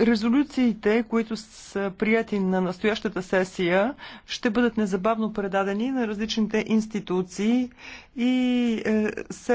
резолюциите, които са прияти на настоящата сесия, ще бъдат незабавно предадени на различните институции и е,